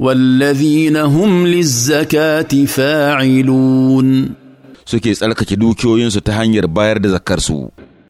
والذين هم للزكاة فاعلون سكي سألك دوكيو ينسو تهانير باير دزكرسو